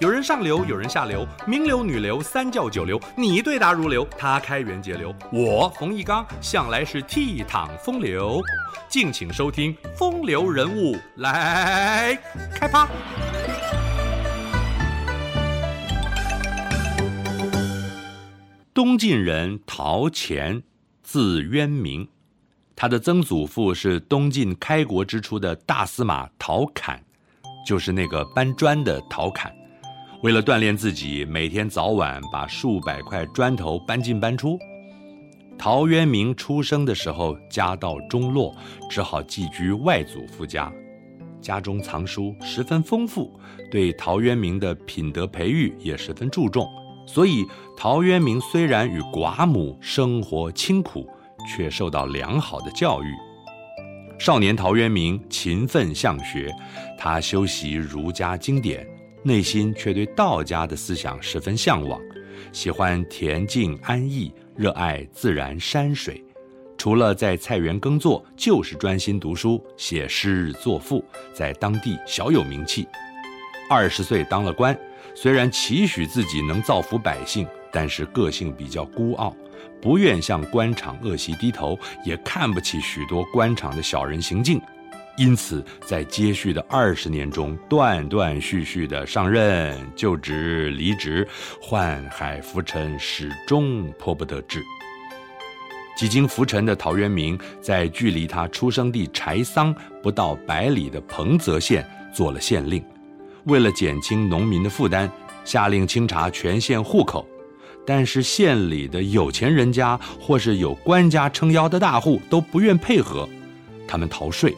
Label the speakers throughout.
Speaker 1: 有人上流，有人下流，名流、女流、三教九流，你對答如流，他開源節流。我馮翊綱向來是倜儻風流，敬請收聽《風流人物》來開趴。東晉人陶潛，字淵明，他的曾祖父是東晉開國之初的大司馬陶侃，就是那個搬磚的陶侃。為了鍛鍊自己，每天早晚把數百塊磚頭搬進搬出。陶淵明出生的時候，家道中落，只好寄居外祖父家。家中藏書十分豐富，對陶淵明的品德培育也十分注重。所以，陶淵明雖然與寡母生活清苦，卻受到良好的教育。少年陶淵明勤奮向學，他修習儒家經典。內心卻對道家的思想十分嚮往，喜歡恬靜安逸，熱愛自然山水。除了在菜園耕作，就是專心讀書、寫詩、作賦，在當地小有名氣。二十歲當了官，雖然期許自己能造福百姓，但是個性比較孤傲，不願向官場惡習低頭，也看不起許多官場的小人行徑。因此，在接續的二十年中，斷斷續續的上任、就職、離職，宦海浮沉，始終迫不得志。幾經浮沉的陶淵明，在距離他出生地柴桑不到百里的彭澤縣做了縣令。為了減輕農民的負擔，下令清查全縣戶口，但是縣裡的有錢人家或是有官家撐腰的大戶都不願配合，他們逃稅。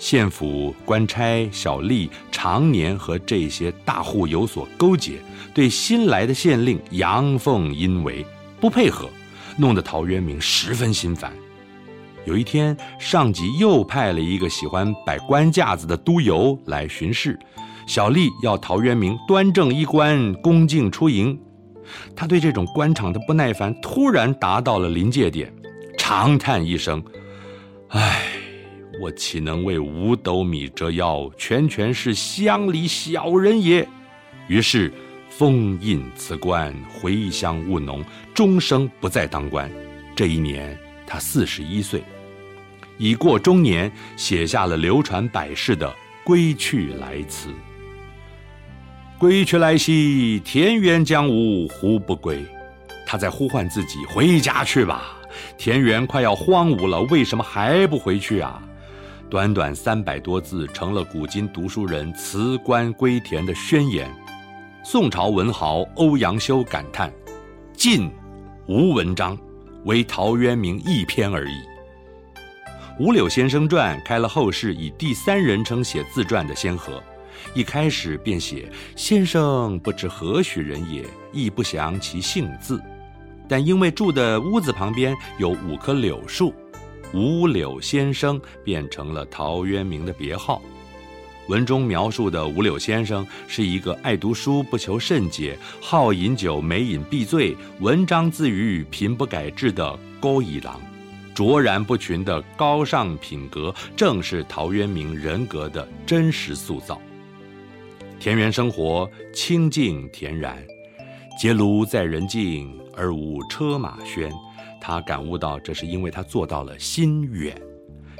Speaker 1: 縣府官差小吏常年和這些大戶有所勾結，對新來的縣令陽奉陰違，不配合，弄得陶淵明十分心煩。有一天，上級又派了一個喜歡擺官架子的督郵來巡視，小吏要陶淵明端正衣冠，恭敬出迎。他對這種官場的不耐煩突然達到了臨界點，長嘆一聲：“唉。”我豈能為五斗米折腰？拳拳事鄉里小人邪。於是封印辭官，回鄉務農，終生不再當官。這一年他四十一歲，已過中年，寫下了流傳百世的《歸去來辭》。“歸去來兮，田園將蕪胡不歸？”他在呼喚自己回家去吧。田園快要荒蕪了，為什麼還不回去啊？短短三百多字，成了古今讀書人辭官歸田的宣言。宋朝文豪歐陽修感嘆：“晉無文章，唯陶淵明一篇而已。”《五柳先生傳》開了後世以第三人稱寫自傳的先河，一開始便寫：“先生不知何許人也，亦不詳其姓字。”但因為住的屋子旁邊有五棵柳樹。五柳先生變成了陶淵明的別號。文中描述的五柳先生是一個愛讀書不求甚解、好飲酒每飲必醉、文章自娛貧不改志的勾一郎。卓然不群的高尚品格，正是陶淵明人格的真實塑造。田園生活清靜恬然，結廬在人境而無車馬喧。他感悟到，這是因為他做到了心遠，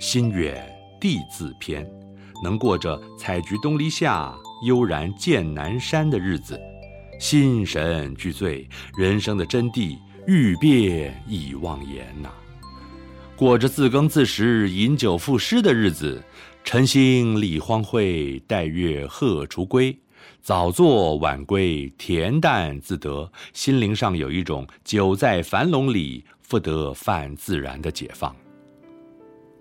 Speaker 1: 心遠地自偏，能過着采菊東籬下，悠然見南山的日子，心神俱醉，人生的真諦欲辨已忘言吶、啊。過着自耕自食，飲酒賦詩的日子，晨興理荒穢，帶月荷鋤歸，早作晚歸，恬淡自得，心靈上有一種久在樊籠裡復得返自然的解放，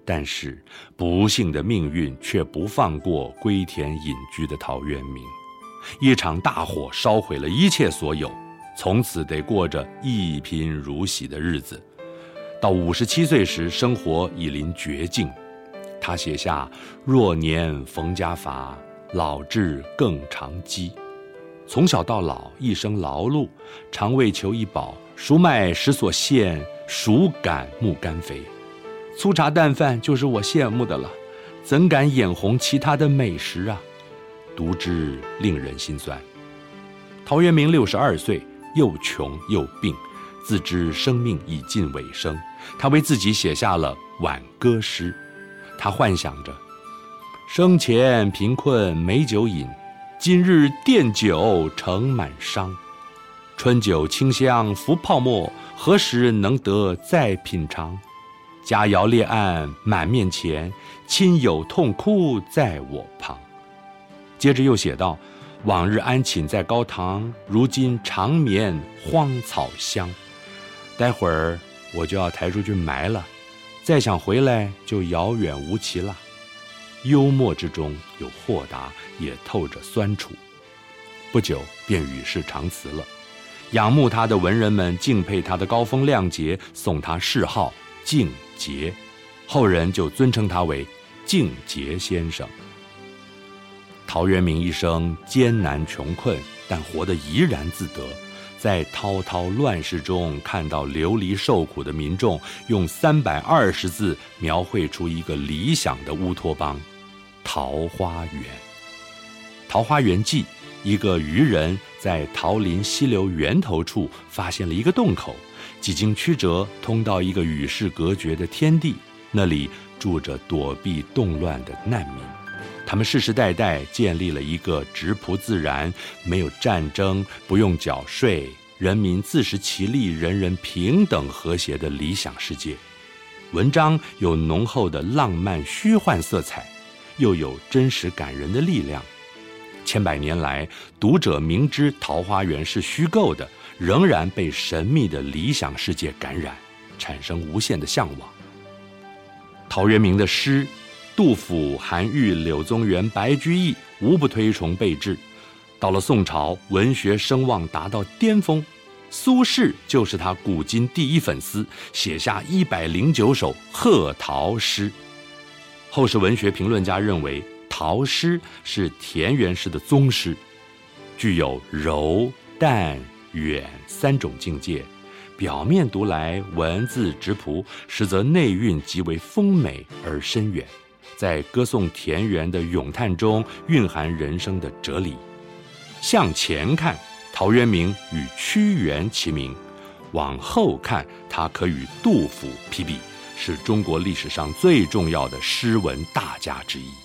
Speaker 1: 但是不幸的命運卻不放過歸田隱居的陶淵明。一場大火燒毀了一切所有，從此得過着一貧如洗的日子。到五十七歲時，生活已臨絕境，他寫下：“弱年逢家乏，老至更長飢。”從小到老，一生勞碌，常為求一飽。熟麥實所羨，孰敢慕甘肥，粗茶淡飯就是我羨慕的了，怎敢眼紅其他的美食啊？讀之令人心酸。陶淵明六十二歲，又窮又病，自知生命已近尾聲，他為自己寫下了《挽歌詩》，他幻想着：生前貧困沒酒飲，今日奠酒成滿觴。春酒清香浮泡沫，何時能得再品嘗？佳餚列案滿面前，親友痛哭在我旁。接着又寫道：“往日安寢在高堂，如今長眠荒草香。”待會兒我就要抬出去埋了，再想回來就遙遠無期了。幽默之中有豁達，也透着酸楚。不久便與世長辭了。仰慕他的文人們敬佩他的高風亮節，送他謚號“靖節”，後人就尊稱他為“靖節先生”。陶淵明一生艱難窮困，但活得怡然自得，在滔滔亂世中看到流離受苦的民眾，用三百二十字描繪出一個理想的烏托邦——桃《桃花源》。《桃花源記》，一個漁人。在桃林溪流源頭處發現了一個洞口，幾經曲折，通到一個與世隔絕的天地。那裡住着躲避動亂的難民，他們世世代代建立了一個質樸自然、沒有戰爭、不用繳稅、人民自食其力、人人平等和諧的理想世界。文章有濃厚的浪漫虛幻色彩，又有真實感人的力量。千百年來，讀者明知桃花源是虛構的，仍然被神秘的理想世界感染，產生無限的嚮往。陶淵明的詩，杜甫、韓愈、柳宗元、白居易無不推崇備至。到了宋朝，文學聲望達到巔峰，蘇軾就是他古今第一粉絲，寫下一百零九首賀陶詩。後世文學評論家認為，陶詩是田園詩的宗師，具有柔、淡、遠三種境界。表面讀來文字質樸，實則內蘊極為豐美而深遠。在歌頌田園的詠嘆中，蘊含人生的哲理。向前看，陶淵明與屈原齊名；往後看，他可與杜甫媲美，是中國歷史上最重要的詩文大家之一。